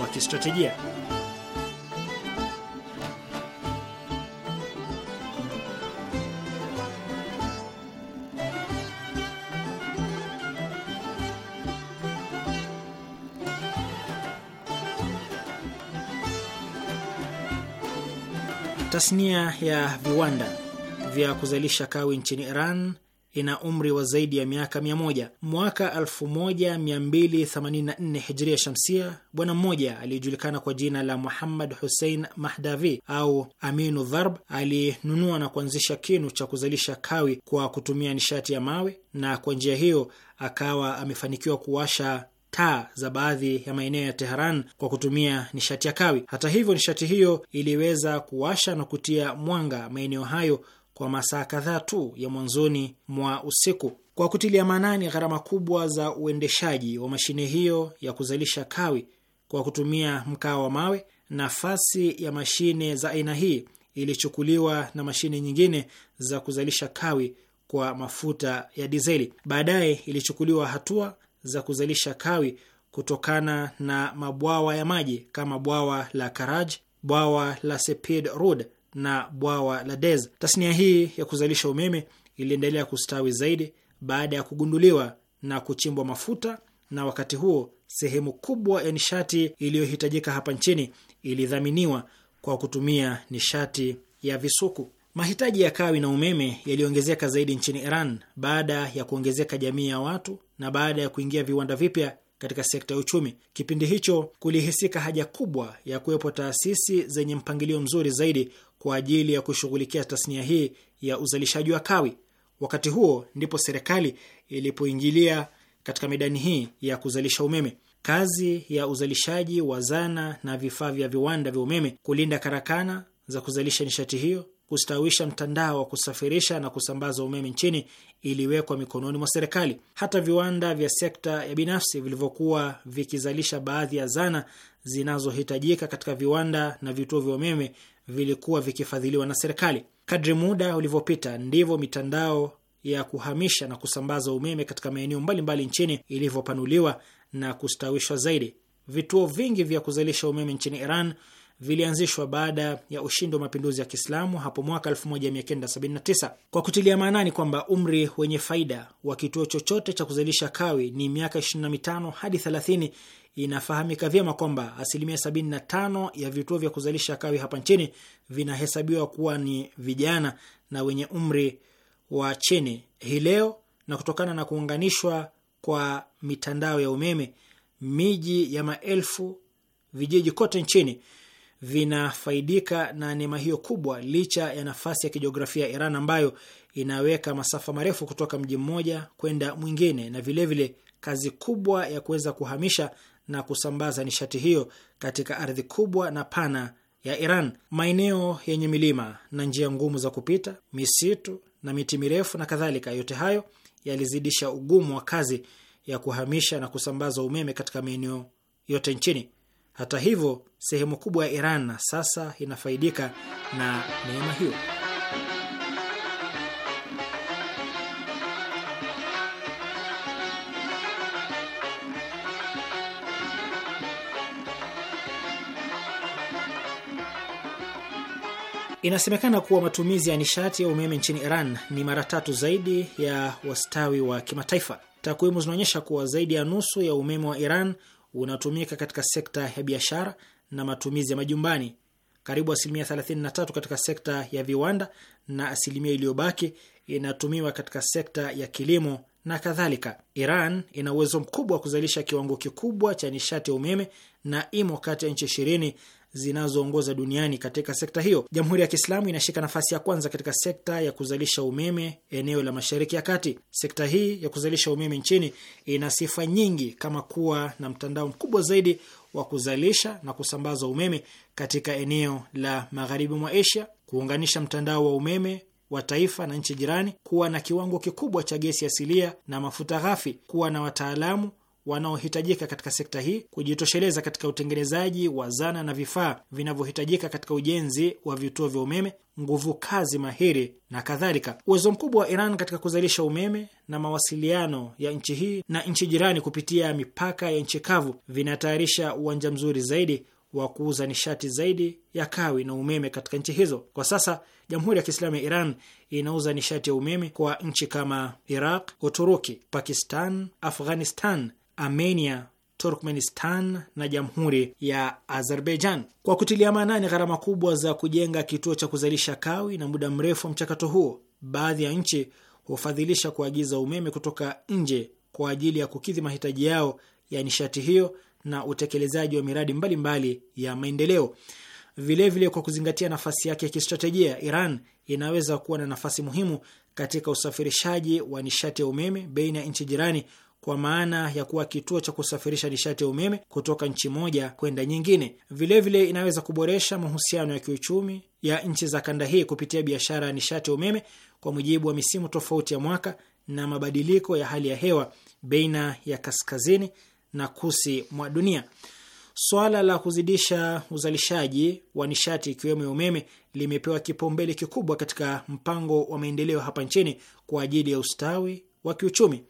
wa kistratejia. Tasnia ya viwanda vya kuzalisha kawi nchini Iran ina umri wa zaidi ya miaka 100. Mwaka 1284 hijria shamsia, bwana mmoja aliyejulikana kwa jina la Muhammad Hussein Mahdavi au Aminu Dharb alinunua na kuanzisha kinu cha kuzalisha kawi kwa kutumia nishati ya mawe, na kwa njia hiyo akawa amefanikiwa kuwasha taa za baadhi ya maeneo ya Teheran kwa kutumia nishati ya kawi. Hata hivyo, nishati hiyo iliweza kuwasha na kutia mwanga maeneo hayo kwa masaa kadhaa tu ya mwanzoni mwa usiku. Kwa kutilia maanani gharama kubwa za uendeshaji wa mashine hiyo ya kuzalisha kawi kwa kutumia mkaa wa mawe, nafasi ya mashine za aina hii ilichukuliwa na mashine nyingine za kuzalisha kawi kwa mafuta ya dizeli. Baadaye ilichukuliwa hatua za kuzalisha kawi kutokana na mabwawa ya maji kama bwawa la Karaj, bwawa la Sepid Rud na bwawa la Dez. Tasnia hii ya kuzalisha umeme iliendelea kustawi zaidi baada ya kugunduliwa na kuchimbwa mafuta, na wakati huo sehemu kubwa ya nishati iliyohitajika hapa nchini ilidhaminiwa kwa kutumia nishati ya visukuku. Mahitaji ya kawi na umeme yaliongezeka zaidi nchini Iran baada ya kuongezeka jamii ya watu na baada ya kuingia viwanda vipya katika sekta ya uchumi. Kipindi hicho kulihisika haja kubwa ya kuwepo taasisi zenye mpangilio mzuri zaidi kwa ajili ya kushughulikia tasnia hii ya uzalishaji wa kawi. Wakati huo ndipo serikali ilipoingilia katika midani hii ya kuzalisha umeme. Kazi ya uzalishaji wa zana na vifaa vya viwanda vya umeme, kulinda karakana za kuzalisha nishati hiyo kustawisha mtandao wa kusafirisha na kusambaza umeme nchini iliwekwa mikononi mwa serikali. Hata viwanda vya sekta ya binafsi vilivyokuwa vikizalisha baadhi ya zana zinazohitajika katika viwanda na vituo vya umeme vilikuwa vikifadhiliwa na serikali. Kadri muda ulivyopita, ndivyo mitandao ya kuhamisha na kusambaza umeme katika maeneo mbalimbali nchini ilivyopanuliwa na kustawishwa zaidi. Vituo vingi vya kuzalisha umeme nchini Iran vilianzishwa baada ya ushindi wa mapinduzi ya Kiislamu hapo mwaka 1979 kwa kutilia maanani kwamba umri wenye faida wa kituo chochote cha kuzalisha kawi ni miaka 25 hadi 30. Inafahamika vyema kwamba asilimia 75 ya vituo vya kuzalisha kawi hapa nchini vinahesabiwa kuwa ni vijana na wenye umri wa chini hii leo, na kutokana na kuunganishwa kwa mitandao ya umeme, miji ya maelfu, vijiji kote nchini vinafaidika na neema hiyo kubwa, licha ya nafasi ya kijiografia ya Iran ambayo inaweka masafa marefu kutoka mji mmoja kwenda mwingine, na vilevile vile kazi kubwa ya kuweza kuhamisha na kusambaza nishati hiyo katika ardhi kubwa na pana ya Iran, maeneo yenye milima na njia ngumu za kupita, misitu na miti mirefu na kadhalika. Yote hayo yalizidisha ugumu wa kazi ya kuhamisha na kusambaza umeme katika maeneo yote nchini. Hata hivyo, sehemu kubwa ya Iran sasa inafaidika na neema hiyo. Inasemekana kuwa matumizi ya nishati ya umeme nchini Iran ni mara tatu zaidi ya wastani wa kimataifa. Takwimu zinaonyesha kuwa zaidi ya nusu ya umeme wa Iran unatumika katika sekta ya biashara na matumizi ya majumbani, karibu asilimia 33 katika sekta ya viwanda, na asilimia iliyobaki inatumiwa katika sekta ya kilimo na kadhalika. Iran ina uwezo mkubwa wa kuzalisha kiwango kikubwa cha nishati ya umeme na imo kati ya nchi ishirini zinazoongoza duniani katika sekta hiyo. Jamhuri ya Kiislamu inashika nafasi ya kwanza katika sekta ya kuzalisha umeme eneo la Mashariki ya Kati. Sekta hii ya kuzalisha umeme nchini ina sifa nyingi kama kuwa na mtandao mkubwa zaidi wa kuzalisha na kusambaza umeme katika eneo la magharibi mwa Asia, kuunganisha mtandao wa umeme wa taifa na nchi jirani, kuwa na kiwango kikubwa cha gesi asilia na mafuta ghafi, kuwa na wataalamu wanaohitajika katika sekta hii kujitosheleza katika utengenezaji wa zana na vifaa vinavyohitajika katika ujenzi wa vituo vya umeme, nguvu kazi mahiri na kadhalika. Uwezo mkubwa wa Iran katika kuzalisha umeme na mawasiliano ya nchi hii na nchi jirani kupitia mipaka ya nchi kavu vinatayarisha uwanja mzuri zaidi wa kuuza nishati zaidi ya kawi na umeme katika nchi hizo. Kwa sasa Jamhuri ya Kiislamu ya Iran inauza nishati ya umeme kwa nchi kama Iraq, Uturuki, Pakistan, Afghanistan, Armenia, Turkmenistan na jamhuri ya Azerbaijan. Kwa kutilia maanani gharama kubwa za kujenga kituo cha kuzalisha kawi na muda mrefu wa mchakato huo, baadhi ya nchi hufadhilisha kuagiza umeme kutoka nje kwa ajili ya kukidhi mahitaji yao ya nishati hiyo na utekelezaji wa miradi mbalimbali mbali ya maendeleo. Vilevile vile, kwa kuzingatia nafasi yake ya kistratejia, Iran inaweza kuwa na nafasi muhimu katika usafirishaji wa nishati ya umeme baina ya nchi jirani kwa maana ya kuwa kituo cha kusafirisha nishati ya umeme kutoka nchi moja kwenda nyingine. Vilevile vile inaweza kuboresha mahusiano ya kiuchumi ya nchi za kanda hii kupitia biashara ya nishati ya umeme kwa mujibu wa misimu tofauti ya mwaka na mabadiliko ya hali ya hewa baina ya kaskazini na kusi mwa dunia. Swala la kuzidisha uzalishaji wa nishati ikiwemo ya umeme limepewa kipaumbele kikubwa katika mpango wa maendeleo hapa nchini kwa ajili ya ustawi wa kiuchumi.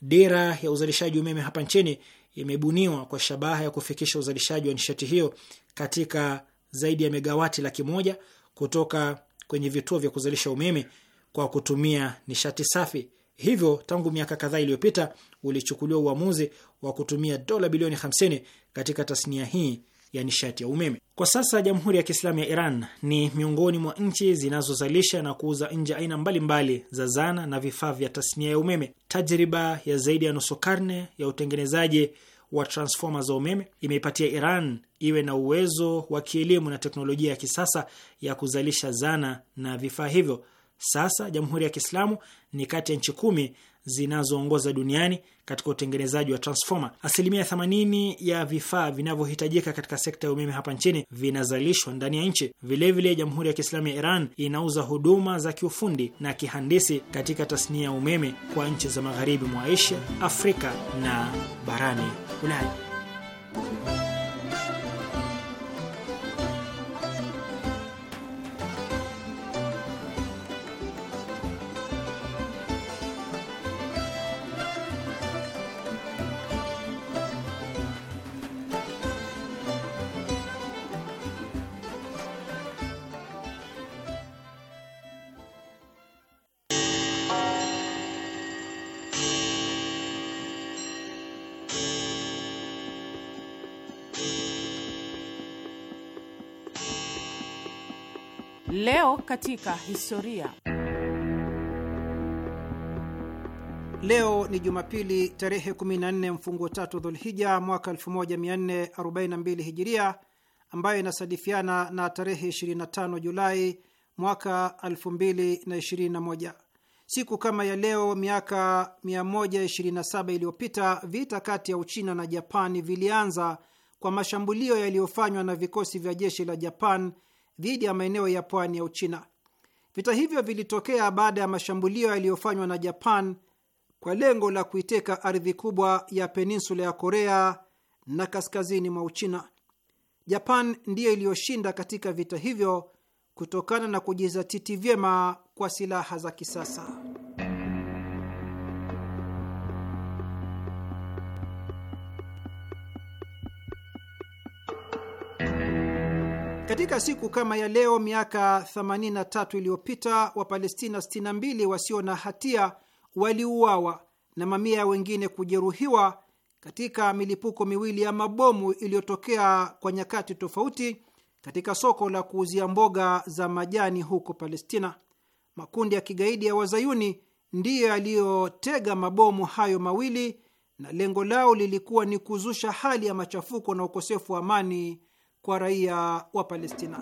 Dira ya uzalishaji umeme hapa nchini imebuniwa kwa shabaha ya kufikisha uzalishaji wa nishati hiyo katika zaidi ya megawati laki moja kutoka kwenye vituo vya kuzalisha umeme kwa kutumia nishati safi. Hivyo tangu miaka kadhaa iliyopita ulichukuliwa uamuzi wa kutumia dola bilioni 50 katika tasnia hii ya nishati ya umeme. Kwa sasa Jamhuri ya Kiislamu ya Iran ni miongoni mwa nchi zinazozalisha na kuuza nje aina mbalimbali mbali za zana na vifaa vya tasnia ya umeme. Tajriba ya zaidi ya nusu karne ya utengenezaji wa transfoma za umeme imeipatia Iran iwe na uwezo wa kielimu na teknolojia ya kisasa ya kuzalisha zana na vifaa hivyo. Sasa Jamhuri ya Kiislamu ni kati ya nchi kumi zinazoongoza duniani katika utengenezaji wa transfoma. Asilimia 80 ya vifaa vinavyohitajika katika sekta ya umeme hapa nchini vinazalishwa ndani ya nchi. Vilevile, Jamhuri ya Kiislamu ya Iran inauza huduma za kiufundi na kihandisi katika tasnia ya umeme kwa nchi za magharibi mwa Asia, Afrika na barani Ulaya. katika historia. Leo ni Jumapili tarehe 14 mfunguo tatu Dhulhija mwaka 1442 Hijiria, ambayo inasadifiana na tarehe 25 Julai mwaka 2021. Siku kama ya leo miaka 127 iliyopita vita kati ya Uchina na Japani vilianza kwa mashambulio yaliyofanywa na vikosi vya jeshi la Japan dhidi ya maeneo ya pwani ya Uchina. Vita hivyo vilitokea baada ya mashambulio yaliyofanywa na Japan kwa lengo la kuiteka ardhi kubwa ya peninsula ya Korea na kaskazini mwa Uchina. Japan ndiyo iliyoshinda katika vita hivyo kutokana na kujizatiti vyema kwa silaha za kisasa. Katika siku kama ya leo miaka 83 iliyopita Wapalestina 62 wasio na hatia waliuawa na mamia wengine kujeruhiwa katika milipuko miwili ya mabomu iliyotokea kwa nyakati tofauti katika soko la kuuzia mboga za majani huko Palestina. Makundi ya kigaidi ya wazayuni ndiyo yaliyotega mabomu hayo mawili, na lengo lao lilikuwa ni kuzusha hali ya machafuko na ukosefu wa amani kwa raia wa Palestina.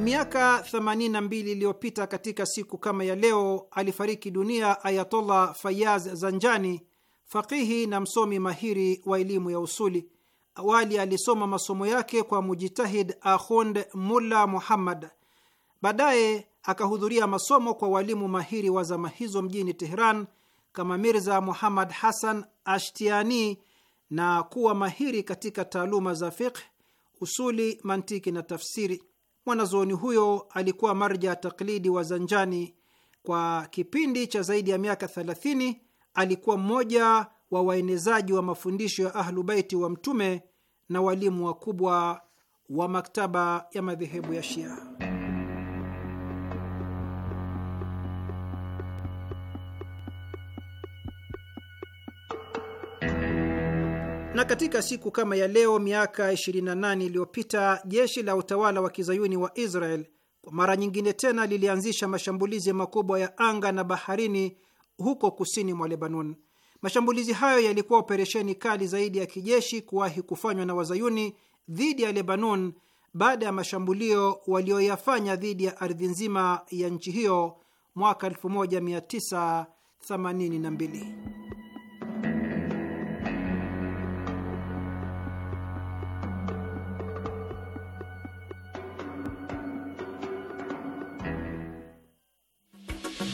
Miaka 82 iliyopita katika siku kama ya leo alifariki dunia Ayatollah Fayaz Zanjani, fakihi na msomi mahiri wa elimu ya usuli. Awali alisoma masomo yake kwa mujitahid Ahund Mulla Muhammad. Baadaye akahudhuria masomo kwa walimu mahiri wa zama hizo mjini Teheran kama Mirza Muhammad Hassan Ashtiani na kuwa mahiri katika taaluma za fiqh, usuli, mantiki na tafsiri. Mwanazuoni huyo alikuwa marja taklidi wa Zanjani kwa kipindi cha zaidi ya miaka 30. Alikuwa mmoja wa waenezaji wa mafundisho ya Ahlubaiti wa Mtume na walimu wakubwa wa maktaba ya madhehebu ya Shia. Na katika siku kama ya leo miaka 28 iliyopita jeshi la utawala wa kizayuni wa Israel kwa mara nyingine tena lilianzisha mashambulizi makubwa ya anga na baharini huko kusini mwa Lebanon. Mashambulizi hayo yalikuwa operesheni kali zaidi ya kijeshi kuwahi kufanywa na wazayuni dhidi ya Lebanon baada ya mashambulio walioyafanya dhidi ya ardhi nzima ya nchi hiyo mwaka 1982.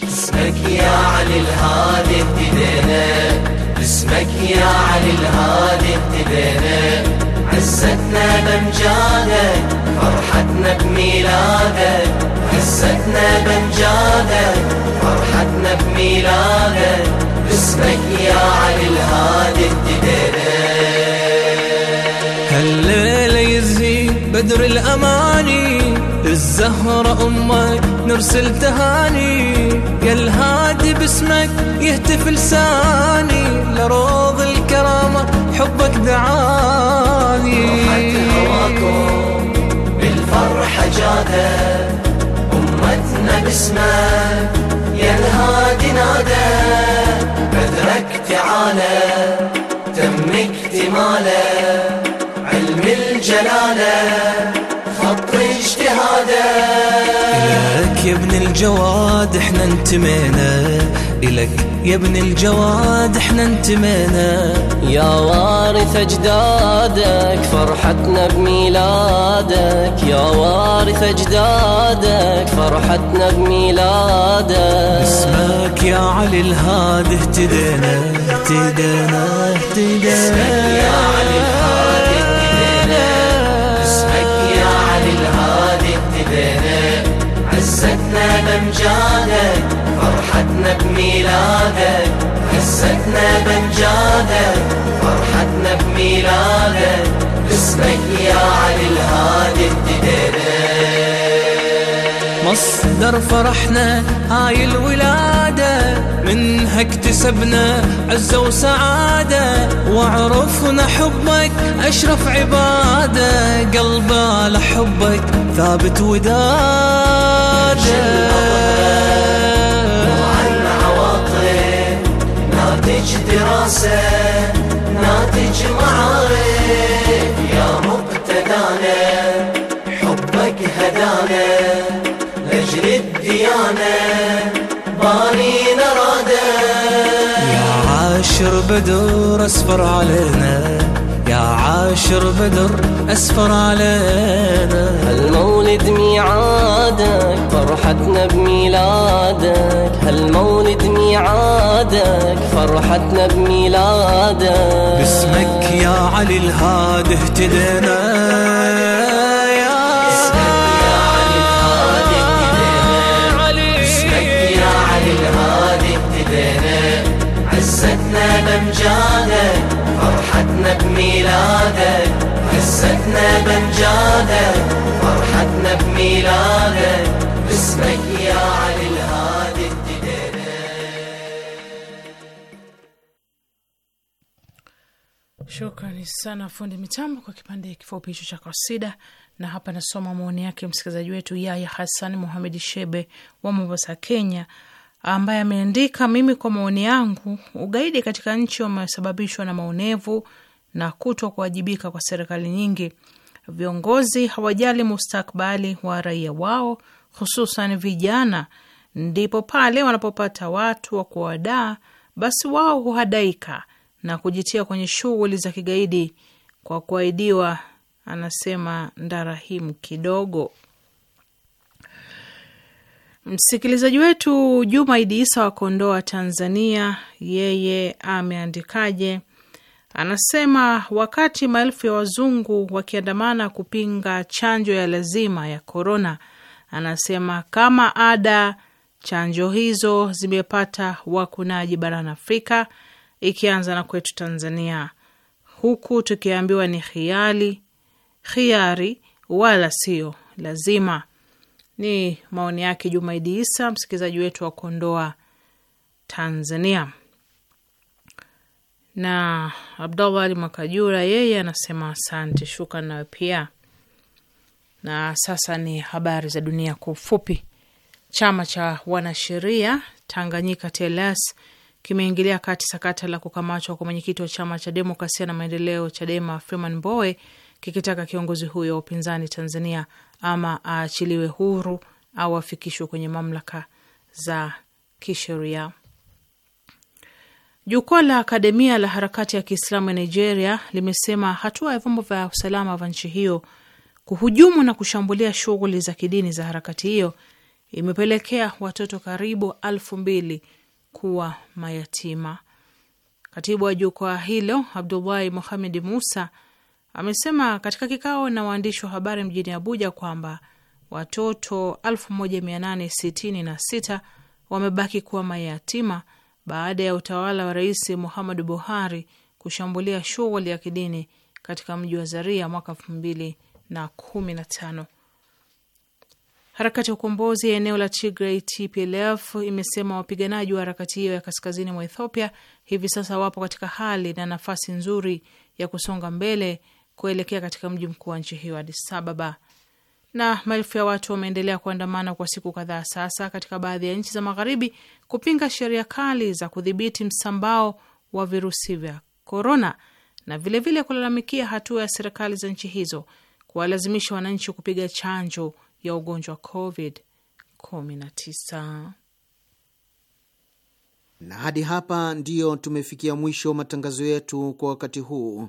اسمك يا علي الهادي ابتدينا اسمك يا علي الهادي ابتدينا عزتنا بمجادك فرحتنا بميلادك عزتنا بمجادك فرحتنا بميلادك اسمك يا علي الهادي ابتدينا هالليلة يزهي بدر الأماني الزهرة أمك نرسل تهاني يا الهادي باسمك يهتف لساني لروض الكرامة حبك دعاني هواكم بالفرحة جادة أمتنا باسمك يا الهادي نادى بدرك تعالى تم اكتماله علم الجلاله الجواد احنا انتمينا إلك يا ابن الجواد احنا انتمينا يا وارث اجدادك فرحتنا بميلادك يا وارث اجدادك فرحتنا بميلادك اسمك يا علي الهاد اهتدينا اهتدينا اهتدينا, اهتدينا, اهتدينا, اهتدينا هزتنا بمجادك فرحتنا بميلادك هزتنا بمجادك فرحتنا بميلادك اسمك يا علي الهادي الدديرك مصدر فرحنا هاي الولاده منها اكتسبنا عزة وسعادة وعرفنا حبك أشرف عبادة قلبه على حبك ثابت ودادة عنا عواطف ناتج دراسة ناتج معارف يا مقتدانا حبك هدانا لأجل الديانة باري عاشر بدر اسفر علينا يا عاشر بدر اسفر علينا هالمولد ميعادك فرحتنا بميلادك هالمولد ميعادك فرحتنا بميلادك باسمك يا علي الهاد اهتدينا حسيتنا بمجادك فرحتنا بميلادك حسيتنا بمجادك فرحتنا بميلادك باسمك يا علي الهادي Shukrani sana fundi mitambo kwa kipande kifupi hicho cha kasida, na hapa nasoma maoni yake msikilizaji wetu Yaya Hassan Muhamedi Shebe wa Mombasa, Kenya ambaye ameandika, mimi kwa maoni yangu, ugaidi katika nchi umesababishwa na maonevu na kuto kuwajibika kwa serikali nyingi. Viongozi hawajali mustakbali wa raia wao, hususan vijana. Ndipo pale wanapopata watu wa kuwadaa, basi wao huhadaika na kujitia kwenye shughuli za kigaidi kwa kuahidiwa, anasema Ndarahimu Kidogo. Msikilizaji wetu Juma Idi Isa wa Kondoa, Tanzania, yeye ameandikaje? Anasema wakati maelfu ya wazungu wakiandamana kupinga chanjo ya lazima ya korona, anasema kama ada, chanjo hizo zimepata wakunaji barani Afrika, ikianza na kwetu Tanzania, huku tukiambiwa ni hiari, hiari wala sio lazima. Ni maoni yake Jumaidi Isa, msikilizaji wetu wa Kondoa, Tanzania. Na Abdallah Ali Mwakajura yeye anasema asante, shukran nawe pia. Na sasa ni habari za dunia kwa ufupi. Chama cha wanasheria Tanganyika TELAS kimeingilia kati sakata la kukamatwa kwa mwenyekiti wa chama cha demokrasia na maendeleo CHADEMA Freeman Mbowe, kikitaka kiongozi huyo wa upinzani Tanzania ama aachiliwe huru au afikishwe kwenye mamlaka za kisheria. Jukwaa la Akademia la Harakati ya Kiislamu ya Nigeria limesema hatua ya vyombo vya usalama vya nchi hiyo kuhujumu na kushambulia shughuli za kidini za harakati hiyo imepelekea watoto karibu alfu mbili kuwa mayatima. Katibu wa jukwaa hilo Abdullahi Muhamedi Musa amesema katika kikao na waandishi wa habari mjini Abuja kwamba watoto 1866 wamebaki kuwa mayatima baada ya utawala wa Rais Muhammadu Buhari kushambulia shughuli ya kidini katika mji wa Zaria mwaka 2015. Harakati ya ukombozi ya eneo la Tigray TPLF imesema wapiganaji wa harakati hiyo ya kaskazini mwa Ethiopia hivi sasa wapo katika hali na nafasi nzuri ya kusonga mbele kuelekea katika mji mkuu wa nchi hiyo Addis Ababa. Na maelfu ya watu wameendelea kuandamana kwa siku kadhaa sasa katika baadhi ya nchi za magharibi kupinga sheria kali za kudhibiti msambao wa virusi vya korona na vilevile vile kulalamikia hatua ya serikali za nchi hizo kuwalazimisha wananchi kupiga chanjo ya ugonjwa wa Covid 19. Na hadi hapa ndiyo tumefikia mwisho matangazo yetu kwa wakati huu.